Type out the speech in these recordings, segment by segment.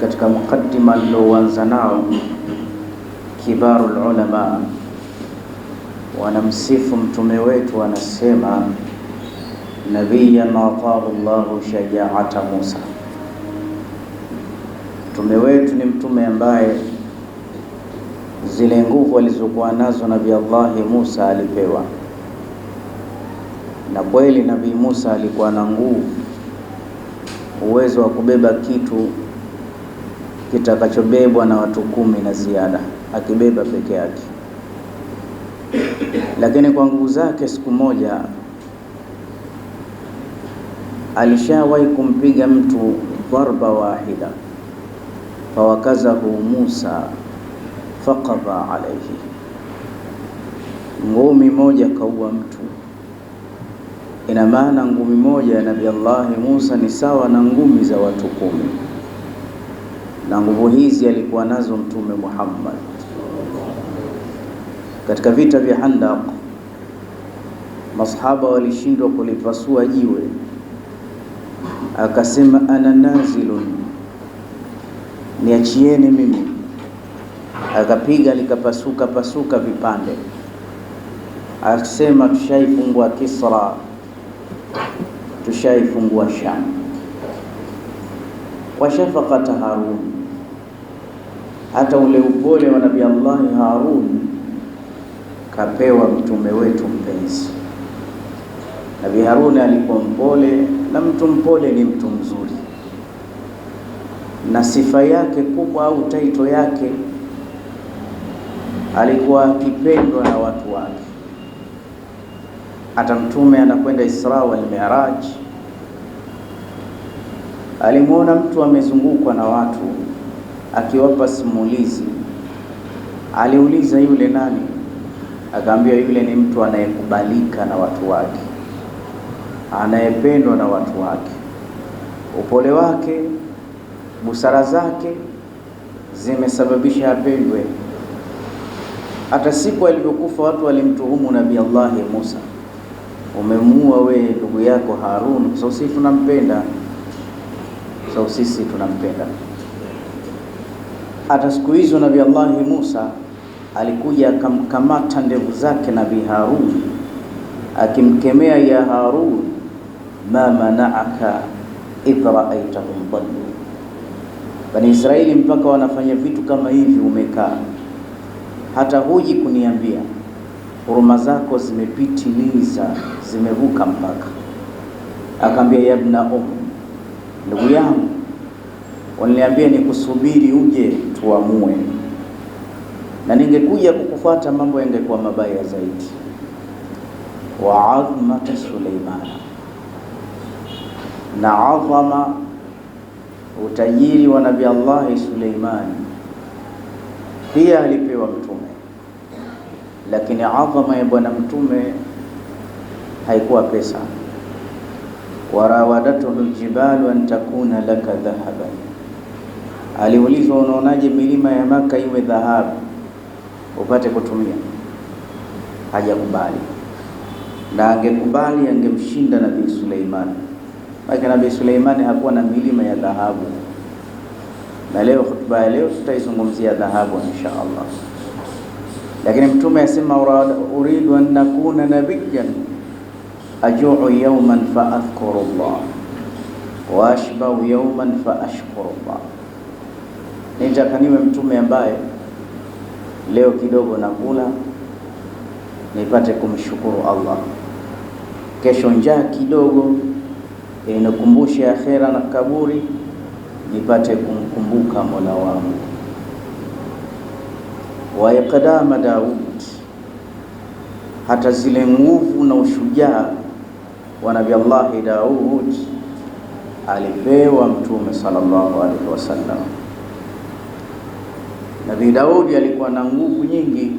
katika mukaddima alilouanza nao kibaru ulama wanamsifu mtume wetu, anasema nabiyan atahu llahu shajaata Musa. Mtume wetu ni mtume ambaye zile nguvu alizokuwa nazo nabii Allahi Musa alipewa, na kweli nabii Musa alikuwa na nguvu, uwezo wa kubeba kitu kitakachobebwa na watu kumi na ziada, akibeba peke yake. Lakini kwa nguvu zake, siku moja alishawahi kumpiga mtu dharba wahida, fawakazahu Musa faqadha alayhi, ngumi moja kaua mtu. Ina maana ngumi moja ya Nabii Allah Musa ni sawa na ngumi za watu kumi na nguvu hizi alikuwa nazo Mtume Muhammad katika vita vya Handaq. Masahaba walishindwa kulipasua jiwe, akasema ana nazilun, niachieni mimi. Akapiga likapasuka pasuka vipande, akasema tushaifungua Kisra, tushaifungua Sham, washafakata Harun hata ule upole wa Nabii Allah Harun kapewa mtume wetu mpenzi. Nabii Harun alikuwa mpole, na mtu mpole ni mtu mzuri, na sifa yake kubwa au taito yake alikuwa akipendwa na watu wake. Hata mtume anakwenda Isra wal Miraj, alimwona mtu amezungukwa na watu akiwapa simulizi. Aliuliza, yule nani? Akaambiwa, yule ni mtu anayekubalika na watu wake, anayependwa na watu wake. Upole wake, busara zake zimesababisha apendwe. Hata siku alivyokufa watu walimtuhumu Nabii Allahi Musa, umemuua we ndugu yako Harun, kwa sababu sisi tunampenda, kwa sababu sisi tunampenda hata siku hizo Nabii Allahi Musa alikuja akamkamata ndevu zake Nabii Harun akimkemea, ya Harun, ma manaaka idh raaitahum dallu. Bani Israeli mpaka wanafanya vitu kama hivi, umekaa hata huji kuniambia huruma zako zimepitiliza, zimevuka mpaka. Akaambia, yabna um, ndugu yangu, ni nikusubiri uje tuamue, na ningekuja kukufuata mambo yangekuwa mabaya zaidi. wa adhmata Suleimana, na adhama utajiri wa Nabii Allahi Suleimani pia alipewa Mtume, lakini adhama ya bwana Mtume haikuwa pesa. warawadatuhu ljibalu an takuna laka dhahaban Aliulizwa, unaonaje milima ya Maka iwe dhahabu upate kutumia? Hajakubali, na angekubali angemshinda Nabii Suleimani. Maana Nabii Suleimani hakuwa na milima ya dhahabu, na leo hotuba ya leo tutaizungumzia dhahabu insha Allah. Lakini Mtume asema uridu an nakuna nabiyan ajuu yawman fa adhkuru Allah wa ashbau yawman fa ashkuru Allah nitaka niwe mtume ambaye leo kidogo nakula nipate kumshukuru Allah, kesho njaa kidogo inakumbusha akhera na kaburi, nipate kumkumbuka Mola wangu. wa iqdama Daud, hata zile nguvu na ushujaa wa Nabii Allah Daud alipewa Mtume sallallahu alaihi wasallam. Nabii Daudi alikuwa na nguvu nyingi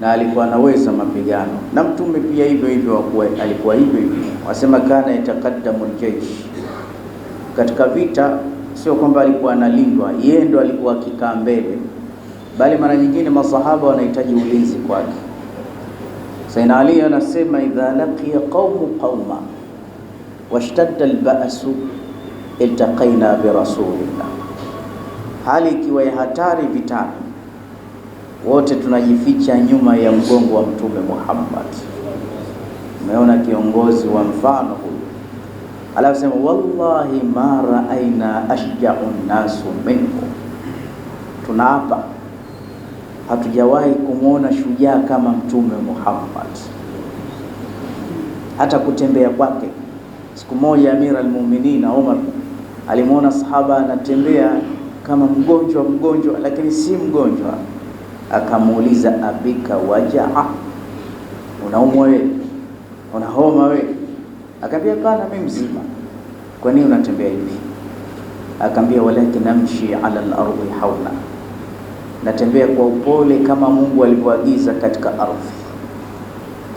na alikuwa anaweza mapigano, na mtume pia hivyo hivyo alikuwa hivyo hivyo. Wasema kana yataqaddamu ljeshi katika vita, sio kwamba alikuwa analindwa yeye, ndo alikuwa akikaa mbele, bali mara nyingine masahaba wanahitaji ulinzi kwake. Saina Ali anasema idha laqiya qaumu qauma washtadda lbasu iltaqaina birasulillah hali ikiwa ya hatari vitani, wote tunajificha nyuma ya mgongo wa Mtume Muhammad. Umeona kiongozi wa mfano huyu, alafu sema wallahi ma raaina ashjau nnasu minkum, tunaapa hatujawahi kumwona shujaa kama Mtume Muhammad. Hata kutembea kwake, siku moja Amir Almuminin Omar alimwona sahaba anatembea kama mgonjwa mgonjwa, lakini si mgonjwa. Akamuuliza, abika wajaa, unaumwa wewe? una homa wewe? Akaambia, pana mimi mzima. Kwa nini unatembea hivi? Akaambia, walakin namshi ala al-ardi hauna, natembea kwa upole kama Mungu alivyoagiza katika ardhi.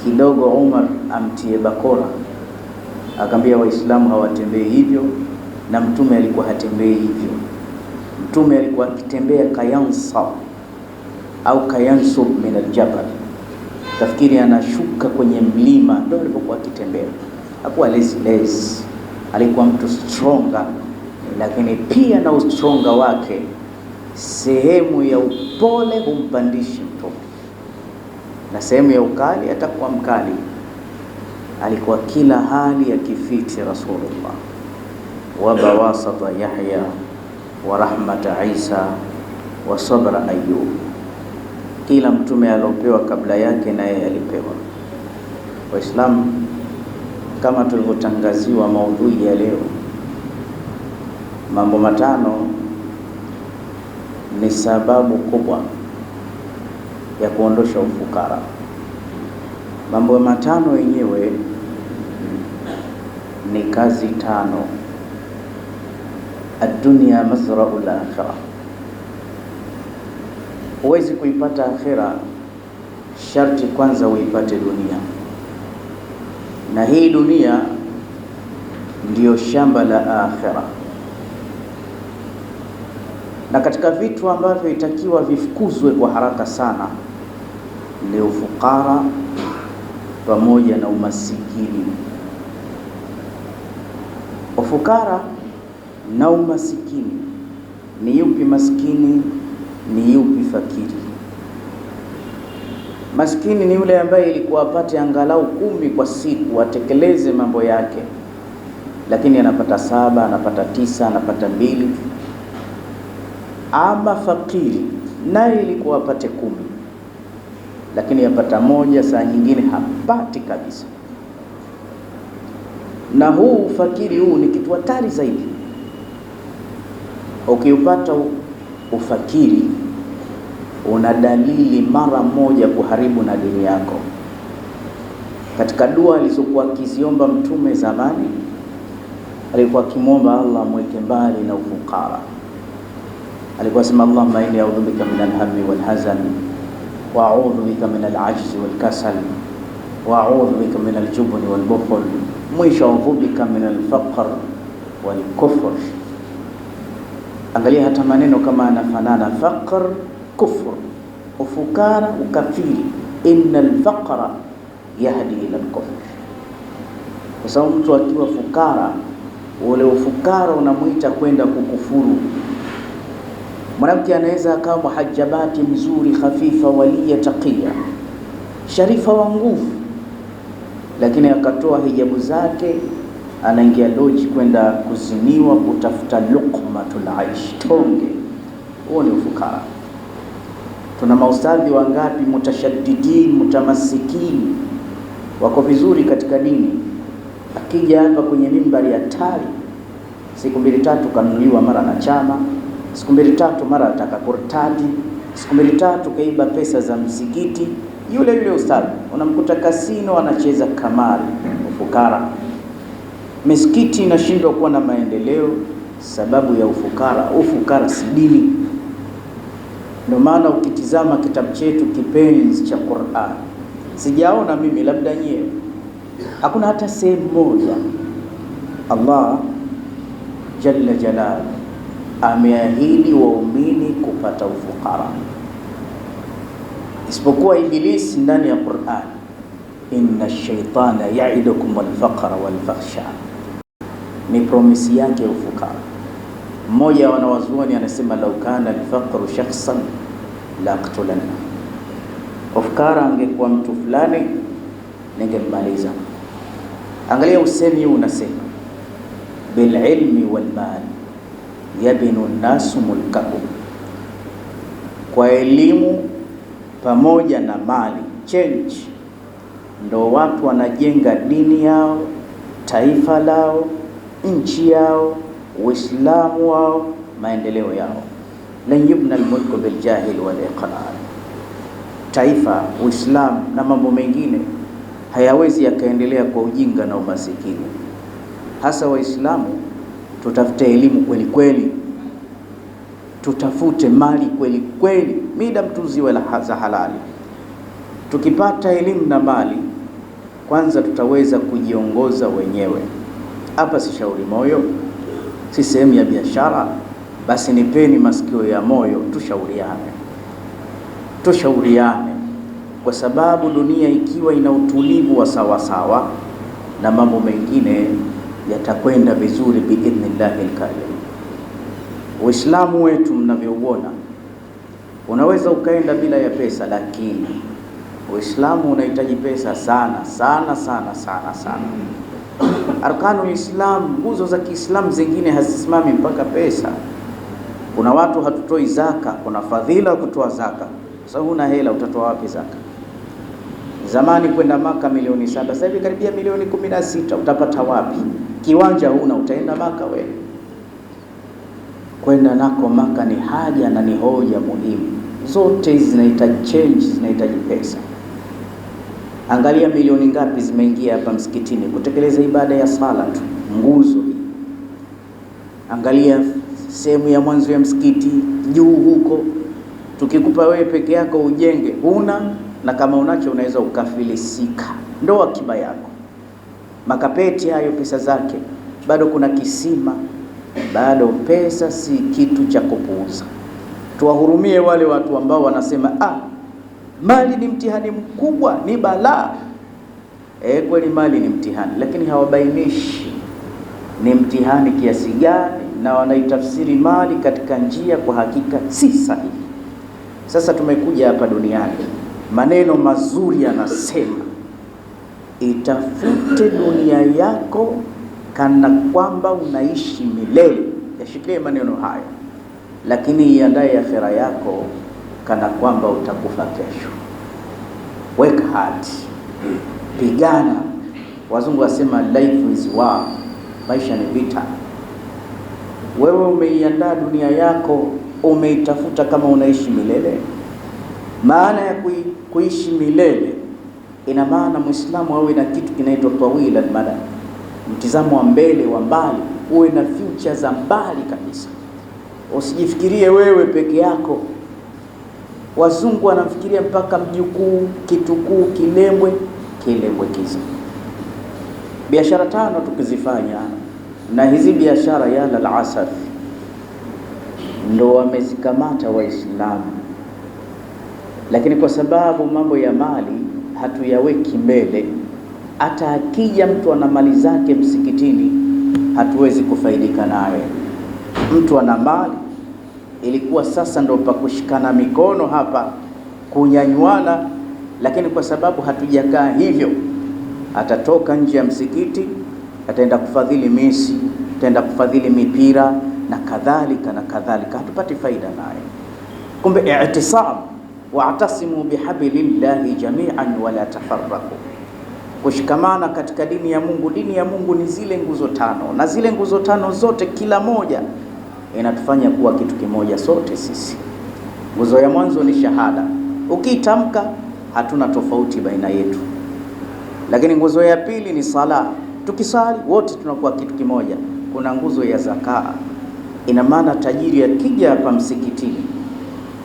Kidogo Umar amtie bakora, akaambia Waislamu hawatembei hivyo na Mtume alikuwa hatembei hivyo. Mtume alikuwa akitembea kayansa au kayansub min aljabal, tafikiri anashuka kwenye mlima, ndio alipokuwa akitembea. Hakuwa lazy lezi, alikuwa mtu stronga, lakini pia na ustronga wake sehemu ya upole humpandishi mtu na sehemu ya ukali atakuwa mkali. Alikuwa kila hali kifiti Rasulullah wa bawasata Yahya wa rahmata Isa wa sabra Ayub. Kila mtume aliopewa kabla yake na yeye alipewa. Waislamu, kama tulivyotangaziwa maudhui ya leo, mambo matano ni sababu kubwa ya kuondosha ufukara. Mambo matano yenyewe ni kazi tano Addunia mazrau lakhira, huwezi kuipata akhira, sharti kwanza uipate dunia, na hii dunia ndiyo shamba la akhira. Na katika vitu ambavyo itakiwa vifukuzwe kwa haraka sana ni ufukara pamoja na umasikini. Ufukara na umasikini. Ni yupi maskini? Ni yupi fakiri? Maskini ni yule ambaye ilikuwa apate angalau kumi kwa siku atekeleze mambo yake, lakini anapata saba, anapata tisa, anapata mbili. Ama fakiri naye ilikuwa apate kumi, lakini apata moja, saa nyingine hapati kabisa. Na huu fakiri huu ni kitu hatari zaidi Ukiupata ufakiri una dalili mara moja kuharibu na dini yako. Katika dua alizokuwa akiziomba Mtume zamani, alikuwa akimwomba Allah mweke mbali na ufukara. Alikuwa sema Allahumma inni a'udhu bika min alhammi walhazan wa a'udhu bika min alajzi walkasal wa a'udhu bika min aljubni walbukhl mwisho a'udhu bika min alfaqr walkufr Angalia hata maneno kama anafanana, faqr kufur ufukara ukafiri, inna lfaqra yahdi ila lkufr, kwa sababu mtu akiwa fukara, ule ufukara unamwita kwenda kukufuru. Mwanamke anaweza akawa muhajabati mzuri, khafifa, waliya, taqiya, sharifa wa nguvu, lakini akatoa hijabu zake anaingia loji kwenda kuzimiwa kutafuta luqmatul aish, tonge. Huo ni ufukara. Tuna maustadhi wangapi mutashaddidin, mutamasikini, wako vizuri katika dini, akija hapa kwenye mimbari ya tali siku mbili tatu kanunuliwa mara na chama, siku mbili tatu mara ataka kurtadi, siku mbili tatu kaiba pesa za msikiti. Yule yule ustadhi unamkuta kasino anacheza kamari. Ufukara misikiti inashindwa kuwa na maendeleo sababu ya ufukara. Ufukara si dini. Ndio maana ukitizama kitabu chetu kipenzi cha Qur'an, sijaona mimi, labda nyewe, hakuna hata sehemu moja Allah jalla jalal ameahidi waumini kupata ufukara, isipokuwa Ibilisi ndani ya Qur'an, inna shaitana ya'idukum alfaqra walfakhsha ni promisi yake ufukara. Mmoja wa wanawazuoni anasema, lau kana alfaqru shakhsan laqtulanna, ufukara angekuwa mtu fulani ningemmaliza. Angalia usemi huu unasema, bililmi walmal yabinu nnasu mulkahum, kwa elimu pamoja na mali change ndo watu wanajenga dini yao, taifa lao nchi yao, Uislamu wao, maendeleo yao. lan yubna almulku biljahil wal taifa, Uislamu na mambo mengine hayawezi yakaendelea kwa ujinga na umasikini. Hasa Waislamu tutafute elimu kweli kweli, tutafute mali kweli kweli, mida mtuziwe za halali. Tukipata elimu na mali, kwanza tutaweza kujiongoza wenyewe. Hapa si shauri moyo, si sehemu ya biashara. Basi nipeni masikio ya moyo, tushauriane, tushauriane, kwa sababu dunia ikiwa ina utulivu wa sawasawa, na mambo mengine yatakwenda vizuri biidhnillahi lkarim. Uislamu wetu mnavyouona, unaweza ukaenda bila ya pesa, lakini Uislamu unahitaji pesa sana sana sana sana sana arkanul Islam, nguzo za Kiislamu zingine hazisimami mpaka pesa. Kuna watu hatutoi zaka, kuna fadhila kutoa zaka. Sasa huna hela, utatoa wapi zaka? Zamani kwenda Maka milioni saba, sasa hivi karibia milioni kumi na sita. Utapata wapi? Kiwanja huna, utaenda Maka wewe? Kwenda nako Maka ni haja na ni hoja muhimu, zote hizi zinahitaji change, zinahitaji pesa. Angalia milioni ngapi zimeingia hapa msikitini kutekeleza ibada ya sala tu, nguzo hii. Angalia sehemu ya mwanzo ya msikiti juu huko, tukikupa wewe peke yako ujenge, huna na kama unacho unaweza ukafilisika. Ndo akiba yako, makapeti hayo pesa zake bado, kuna kisima bado. Pesa si kitu cha kupuuza. Tuwahurumie wale watu ambao wanasema ah, Mali ni mtihani mkubwa, ni balaa. E, kweli mali ni mtihani, lakini hawabainishi ni mtihani kiasi gani, na wanaitafsiri mali katika njia kwa hakika si sahihi. Sasa tumekuja hapa duniani, maneno mazuri yanasema itafute dunia yako kana kwamba unaishi milele. Yashikilie maneno hayo, lakini iandaye akhera yako kana kwamba utakufa kesho. Weka hati, pigana. Wazungu wasema life is war, maisha ni vita. Wewe umeiandaa dunia yako, umeitafuta kama unaishi milele. Maana ya kui, kuishi milele ina maana Muislamu awe na kitu kinaitwa tawila almada, mtizamo wa mbele wa mbali, uwe na future za mbali kabisa, usijifikirie wewe peke yako. Wazungu wanamfikiria mpaka mjukuu, kitukuu, kilembwe, kizi Biashara tano tukizifanya na hizi biashara, yala alasaf, ndo wamezikamata Waislamu, lakini kwa sababu mambo ya mali hatuyaweki mbele, hata akija mtu ana mali zake msikitini hatuwezi kufaidika naye. Mtu ana mali ilikuwa sasa ndo pa kushikana mikono hapa kunyanywana, lakini kwa sababu hatujakaa hivyo, atatoka nje ya msikiti, ataenda kufadhili mesi, ataenda kufadhili mipira na kadhalika na kadhalika, hatupati faida naye Kumbe i'tisam wa'tasimu bihablillahi jami'an wala tafarraqu, kushikamana katika dini ya Mungu. Dini ya Mungu ni zile nguzo tano, na zile nguzo tano zote kila moja inatufanya kuwa kitu kimoja sote sisi. Nguzo ya mwanzo ni shahada, ukiitamka hatuna tofauti baina yetu. Lakini nguzo ya pili ni sala, tukisali wote tunakuwa kitu kimoja. Kuna nguzo ya zakaa, ina maana tajiri akija hapa msikitini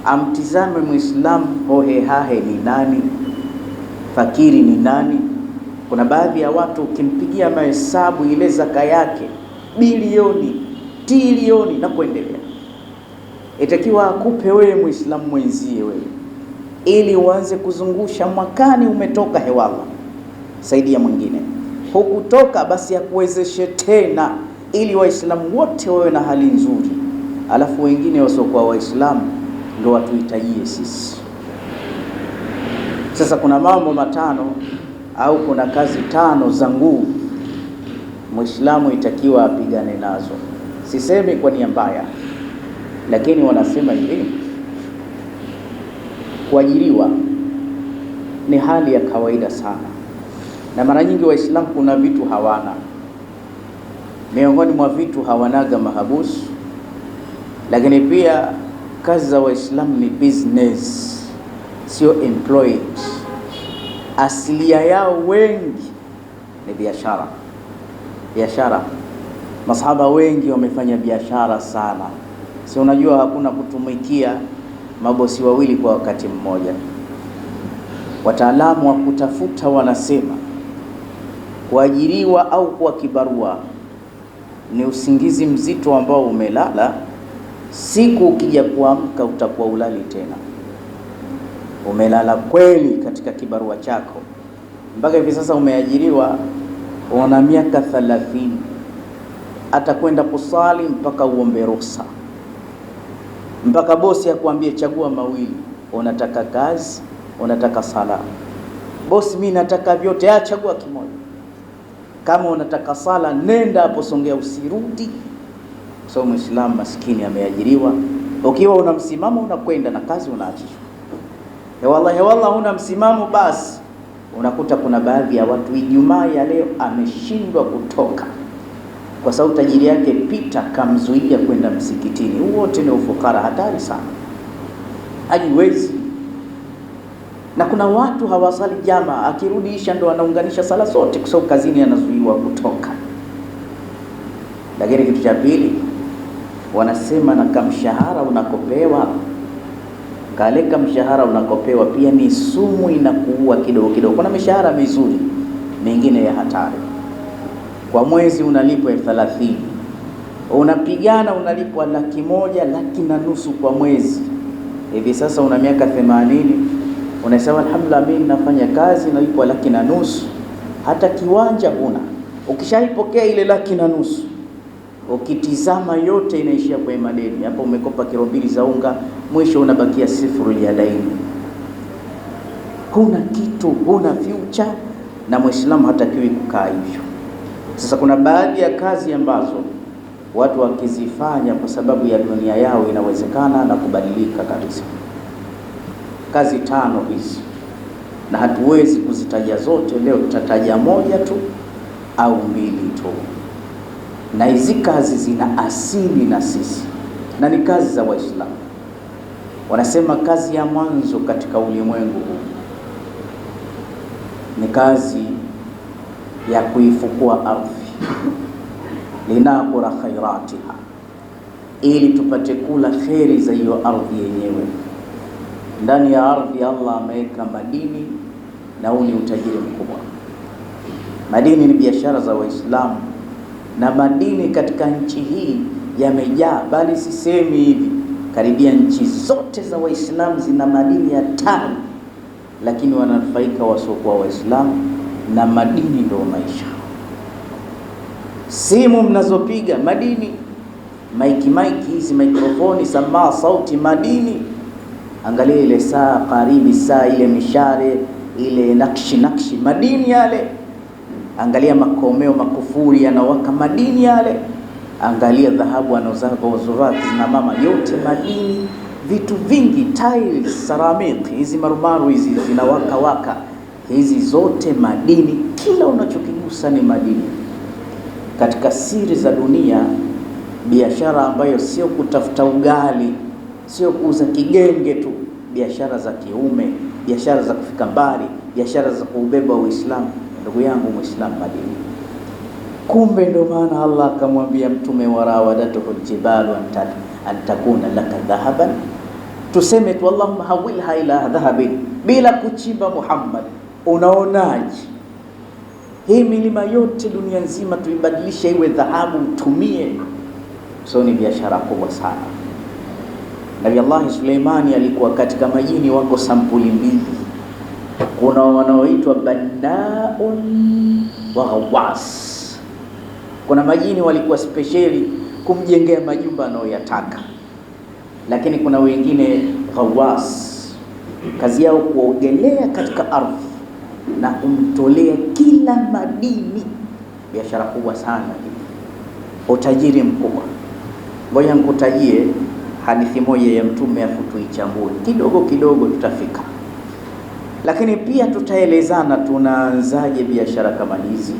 amtizame Muislamu hohehahe ni nani, fakiri ni nani. Kuna baadhi ya watu ukimpigia mahesabu ile zaka yake bilioni tilioni na kuendelea, itakiwa akupe wewe Muislamu mwenzie wewe, ili uanze kuzungusha mwakani. Umetoka hewala, saidia mwingine. Hukutoka basi akuwezeshe tena, ili Waislamu wote wawe na hali nzuri, alafu wengine wasiokuwa Waislamu ndio watuhitajie sisi. Sasa kuna mambo matano au kuna kazi tano za nguvu Muislamu itakiwa apigane nazo sisemi kwa nia mbaya, lakini wanasema hivi, kuajiriwa ni hali ya kawaida sana, na mara nyingi Waislamu kuna vitu hawana. Miongoni mwa vitu hawanaga mahabusu, lakini pia kazi za Waislamu ni business, sio employed. Asilia yao wengi ni biashara, biashara Masahaba wengi wamefanya biashara sana, si unajua hakuna kutumikia mabosi wawili kwa wakati mmoja. Wataalamu wa kutafuta wanasema kuajiriwa au kuwa kibarua ni usingizi mzito ambao umelala, siku ukija kuamka utakuwa ulali tena, umelala kweli katika kibarua chako. Mpaka hivi sasa umeajiriwa, una miaka thalathini atakwenda kusali mpaka uombe ruhusa, mpaka bosi akwambie chagua mawili, unataka kazi, unataka sala. Bosi, mimi nataka vyote. achagua chagua kimoja. Kama unataka sala, nenda hapo Songea, usirudi. So Muislamu maskini ameajiriwa, ukiwa una msimamo unakwenda na kazi unaachishwa. Hewallah, hewallah, una msimamo basi unakuta kuna baadhi ya watu Ijumaa ya leo ameshindwa kutoka kwa sababu tajiri yake Pita kamzuia kwenda msikitini. Huu wote ni ufukara hatari sana, hajiwezi. Na kuna watu hawasali jamaa, akirudisha ndo anaunganisha sala zote, kwa sababu kazini anazuiwa kutoka. Lakini kitu cha pili wanasema na kamshahara unakopewa kale kamshahara unakopewa pia ni sumu, inakuua kidogo kidogo. Kuna mishahara mizuri mingine ya hatari kwa mwezi unalipwa elfu thelathini unapigana unalipwa laki moja laki na nusu kwa mwezi. Hivi sasa una miaka 80, unasema alhamdulillah, mimi nafanya kazi nalipwa laki na nusu, hata kiwanja huna. Ukishaipokea ile laki na nusu, ukitizama yote inaishia kwa madeni. Hapo umekopa kilo mbili za unga, mwisho unabakia sifuri ya daini. Huna kitu, huna future, na Muislamu hatakiwi kukaa hivyo. Sasa kuna baadhi ya kazi ambazo watu wakizifanya kwa sababu ya dunia yao inawezekana na kubadilika kabisa. Kazi tano hizi, na hatuwezi kuzitaja zote leo, tutataja moja tu au mbili tu, na hizi kazi zina asili na sisi na ni kazi za Waislamu. Wanasema kazi ya mwanzo katika ulimwengu huu ni kazi ya kuifukua ardhi linakura khairatiha, ili tupate kula kheri za hiyo ardhi yenyewe. Ndani ya ardhi Allah ameweka madini, na huu ni utajiri mkubwa. Madini ni biashara za Waislamu, na madini katika nchi hii yamejaa, bali sisemi hivi, karibia nchi zote za Waislamu zina madini ya tamu, lakini wananufaika wasiokuwa Waislamu na madini ndio maisha. Simu mnazopiga madini, maiki maiki hizi mikrofoni samaa sauti, madini. Angalia ile saa karibi, saa ile mishare ile nakshi nakshi, madini yale. Angalia makomeo makufuri yanawaka, madini yale. Angalia dhahabu anazovaa na mama, yote madini. Vitu vingi tiles, ceramic hizi marumaru hizi zinawaka waka hizi zote madini, kila unachokigusa ni madini. Katika siri za dunia, biashara ambayo sio kutafuta ugali, sio kuuza kigenge tu, biashara za kiume, biashara za kufika mbali, biashara za kuubeba Uislamu. Ndugu yangu Muislamu, madini. Kumbe ndio maana Allah akamwambia Mtume, warawadatuhu ljibalu antakuna laka dhahaban, tuseme tu allahumma hawilha ila dhahabin, bila kuchimba Muhammad unaonaje hii milima yote dunia nzima tuibadilishe iwe dhahabu, mtumie. So ni biashara kubwa sana. Nabi Allah Suleimani alikuwa katika majini, wako sampuli mbili, kuna wanaoitwa bannaun wa ghawas. Kuna majini walikuwa spesheli kumjengea majumba anayoyataka, lakini kuna wengine ghawas, kazi yao kuogelea katika ardhi na kumtolea kila madini. Biashara kubwa sana, utajiri mkubwa. Ngoja nikutajie hadithi moja ya Mtume afu tuichambue kidogo kidogo, tutafika. Lakini pia tutaelezana tunaanzaje biashara kama hizi,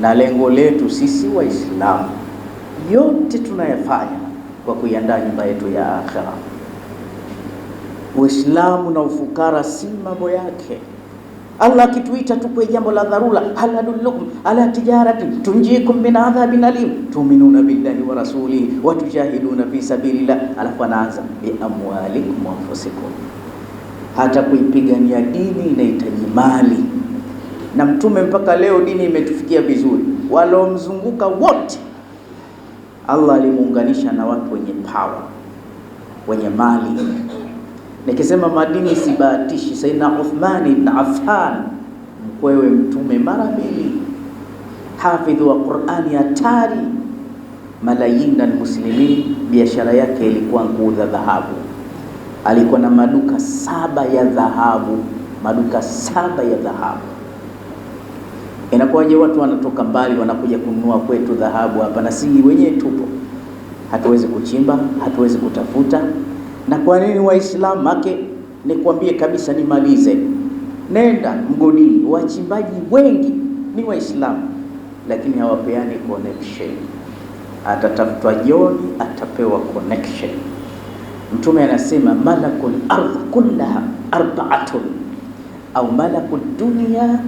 na lengo letu sisi Waislamu, yote tunayafanya kwa kuiandaa nyumba yetu ya akhera. Uislamu na ufukara si mambo yake. Allah akituita tu kwa jambo la dharura, hal adullukum ala tijarati tunjikum min adhabin alim tuminuna billahi wa rasulihi wa tujahiduna fi sabilillah, alafu anaanza bi amwalikum wa anfusikum. Hata kuipigania dini inahitaji mali, na Mtume mpaka leo dini imetufikia vizuri. Walomzunguka wote Allah alimuunganisha na watu wenye power, wenye mali Nikisema madini sibahatishi, Saidna Uthman ibn Affan mkwewe Mtume mara mbili, hafidhu wa Qur'ani hatari, malayin almuslimin, biashara yake ilikuwa kuuza dhahabu. Alikuwa na maduka saba ya dhahabu, maduka saba ya dhahabu. Inakuwaje watu wanatoka mbali wanakuja kununua kwetu dhahabu hapa, na si wenyewe tupo, hatuwezi kuchimba, hatuwezi kutafuta na kwa nini Waislamu? Make nikwambie kabisa, nimalize, nenda mgodini, wachimbaji wengi ni Waislamu, lakini hawapeani connection. Atatafutwa jioni, atapewa connection. Mtume anasema malakul ardh kullaha arbaatun au malakul dunya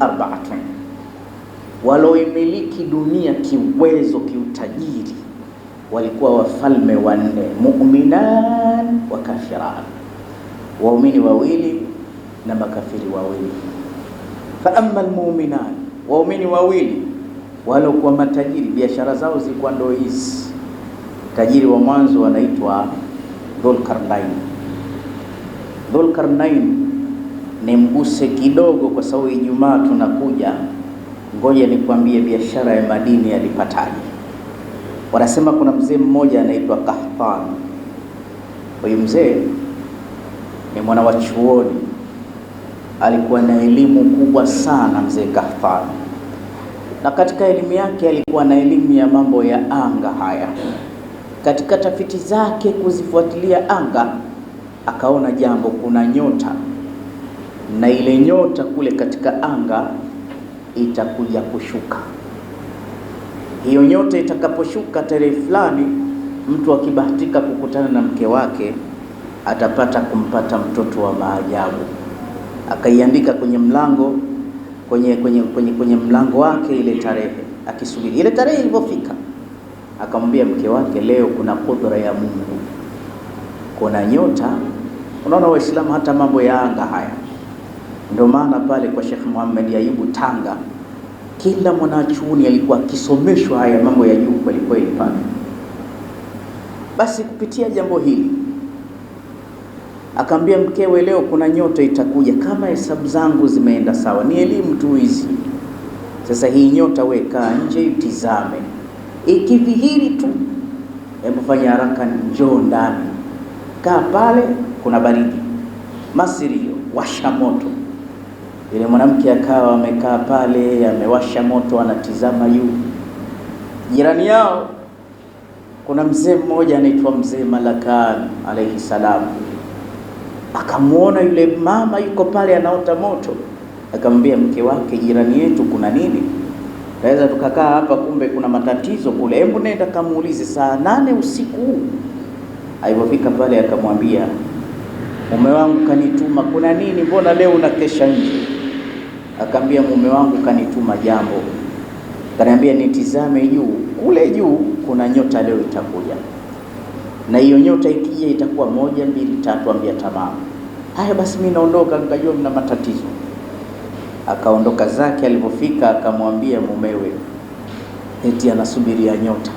arbaatun, waloimiliki dunia kiwezo, kiutajiri walikuwa wafalme wanne, muminan wa kafiran, waumini wawili na makafiri wawili. Fa amma almuminan, waumini wawili walokuwa matajiri, biashara zao zilikuwa ndo hizi. Tajiri wa mwanzo anaitwa Dhulkarnain. Dhulkarnain ni mguse kidogo, kwa sababu Ijumaa tunakuja, ngoja nikwambie biashara ya madini yalipataje. Wanasema kuna mzee mmoja anaitwa Kahtan. Huyu mzee ni mwana wa chuoni, alikuwa na elimu kubwa sana mzee Kahtan, na katika elimu yake alikuwa na elimu ya mambo ya anga. Haya, katika tafiti zake kuzifuatilia anga, akaona jambo, kuna nyota na ile nyota kule katika anga itakuja kushuka hiyo nyota itakaposhuka tarehe fulani, mtu akibahatika kukutana na mke wake atapata kumpata mtoto wa maajabu. Akaiandika kwenye mlango kwenye, kwenye, kwenye, kwenye mlango wake ile tarehe, akisubiri ile tarehe ilipofika, akamwambia mke wake, leo kuna kudra ya Mungu, kuna nyota. Unaona Waislamu hata mambo ya anga haya, ndio maana pale kwa Sheikh Muhammad Ayubu Tanga kila mwanachuoni alikuwa akisomeshwa haya mambo ya juu kweli kweli pale. Basi kupitia jambo hili akaambia mkewe, leo kuna nyota itakuja kama hesabu zangu zimeenda sawa. Ni elimu tu hizi. Sasa hii nyota weka nje, itizame, ikidhihiri tu, hebu fanya haraka, njoo ndani, kaa pale, kuna baridi, masirio, washa moto yule mwanamke akawa amekaa pale, amewasha moto, anatizama juu. Jirani yao kuna mzee mmoja anaitwa mzee Malakan alaihi salam, akamwona yule mama yuko pale anaota moto, akamwambia mke wake, jirani yetu, kuna nini? Naweza tukakaa hapa, kumbe kuna matatizo kule. Hebu nenda kamuulize saa nane usiku huu. Alipofika pale, akamwambia mume wangu kanituma, kuna nini? Mbona leo unakesha nje? Akaambia, mume wangu kanituma jambo, kaniambia nitizame juu, kule juu kuna nyota leo itakuja, na hiyo nyota ikija itakuwa moja mbili tatu. Ambia tamamu. Haya basi, mimi naondoka. Nikajua mna matatizo. Akaondoka zake, alipofika akamwambia mumewe eti anasubiria nyota.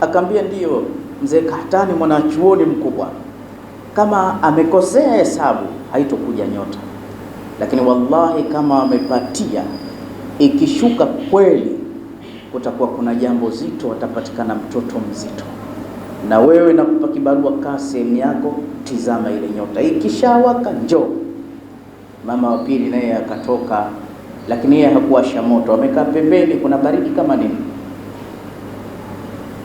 Akaambia ndiyo mzee Kahtani, mwanachuoni mkubwa, kama amekosea hesabu haitokuja nyota lakini wallahi kama wamepatia, ikishuka kweli, kutakuwa kuna jambo zito, watapatikana mtoto mzito. Na wewe nakupa kibarua, kaa sehemu yako, tizama ile nyota, ikishawaka njoo. Mama wa pili naye akatoka, lakini yeye hakuwasha moto, amekaa pembeni, kuna baridi kama nini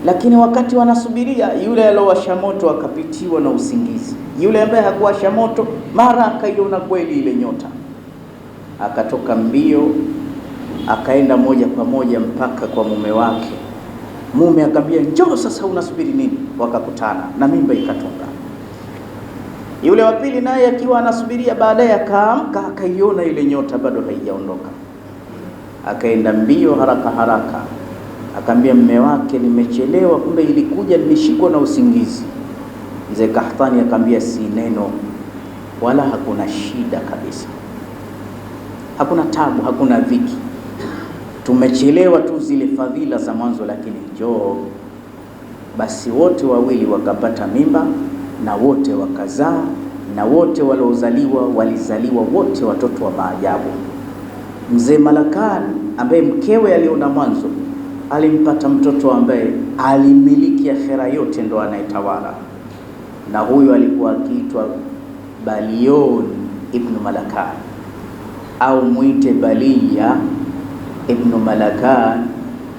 lakini wakati wanasubiria, yule aliyowasha moto akapitiwa na usingizi, yule ambaye hakuwasha moto mara akaiona kweli ile nyota akatoka mbio akaenda moja kwa moja mpaka kwa mume wake. Mume akamwambia njoo sasa, unasubiri nini? Wakakutana na mimba ikatoka. Yule wa pili naye akiwa anasubiria, baadaye akaamka, akaiona ile nyota bado haijaondoka, akaenda mbio haraka haraka, akaambia mume wake, nimechelewa, kumbe ilikuja nimeshikwa na usingizi. Mzee Kahtani akamwambia si neno, wala hakuna shida kabisa hakuna tabu, hakuna dhiki. Tumechelewa tu zile fadhila za mwanzo, lakini njoo basi. Wote wawili wakapata mimba na wote wakazaa, na wote waliozaliwa walizaliwa wote watoto wa maajabu. Mzee malakan ambaye mkewe aliona mwanzo alimpata mtoto ambaye alimiliki akhera yote, ndo anayetawala na huyo alikuwa akiitwa Balioni ibnu Malakani au mwite Baliya ibnu Malakan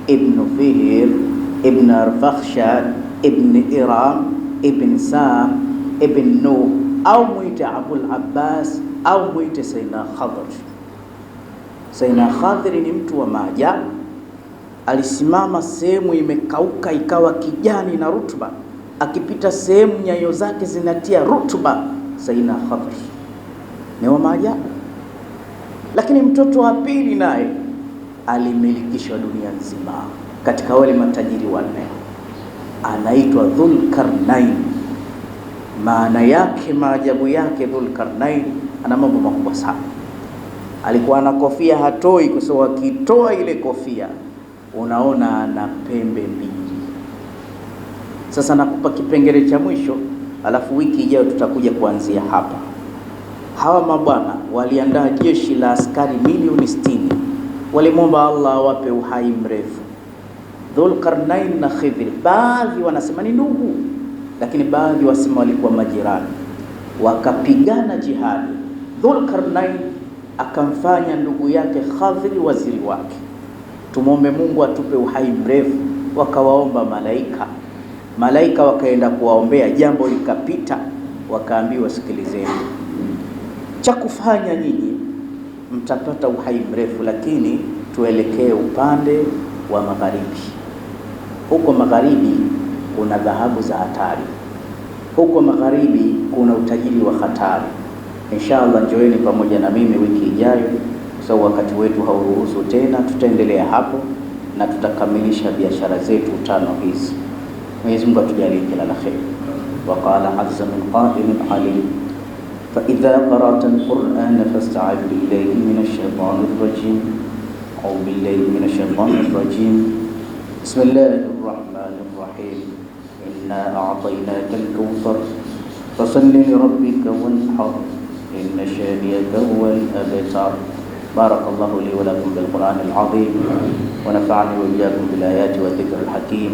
ibnu Fihr ibn Arfakhshad ibn Iram ibn Sam ibn Nuh au mwite Abul Abbas au mwite Saina Khadr. Saina Khadr ni mtu wa maajabu, alisimama sehemu imekauka ikawa kijani na rutuba, akipita sehemu nyayo zake zinatia rutuba. Saina Khadr ni wa maajabu. Lakini mtoto wa pili naye alimilikishwa dunia nzima katika wale matajiri wanne, anaitwa Dhulkarnain. Maana yake maajabu yake, Dhulkarnain ana mambo makubwa sana. Alikuwa ana kofia hatoi, kwa sababu akitoa ile kofia unaona ana pembe mbili. Sasa nakupa kipengele cha mwisho, alafu wiki ijayo tutakuja kuanzia hapa hawa mabwana waliandaa jeshi la askari milioni sitini. Walimwomba Allah awape uhai mrefu Dhulqarnain na Khidhir. Baadhi wanasema ni ndugu, lakini baadhi wasema walikuwa majirani, wakapigana jihadi. Dhulqarnain akamfanya ndugu yake Khadhiri waziri wake. Tumwombe Mungu atupe uhai mrefu. Wakawaomba malaika, malaika wakaenda kuwaombea, jambo likapita, wakaambiwa sikilizeni cha kufanya nyinyi mtapata uhai mrefu, lakini tuelekee upande wa magharibi. Huko magharibi kuna dhahabu za hatari, huko magharibi kuna utajiri wa hatari. Inshallah, njoeni pamoja na mimi wiki ijayo, kwa sababu wakati wetu hauruhusu tena. Tutaendelea hapo na tutakamilisha biashara zetu tano hizi. Mwenyezi Mungu atujalie kila la kheri. Waqala azza min qailin alim فإذا قرأت القرآن فاستعذ بالله من الشيطان الرجيم أو بالله من الشيطان الرجيم بسم الله الرحمن الرحيم إنا أعطيناك الكوثر فصل لربك وانحر إن شانئك هو الأبتر بارك الله لي ولكم بالقرآن العظيم ونفعني وإياكم بالآيات والذكر الحكيم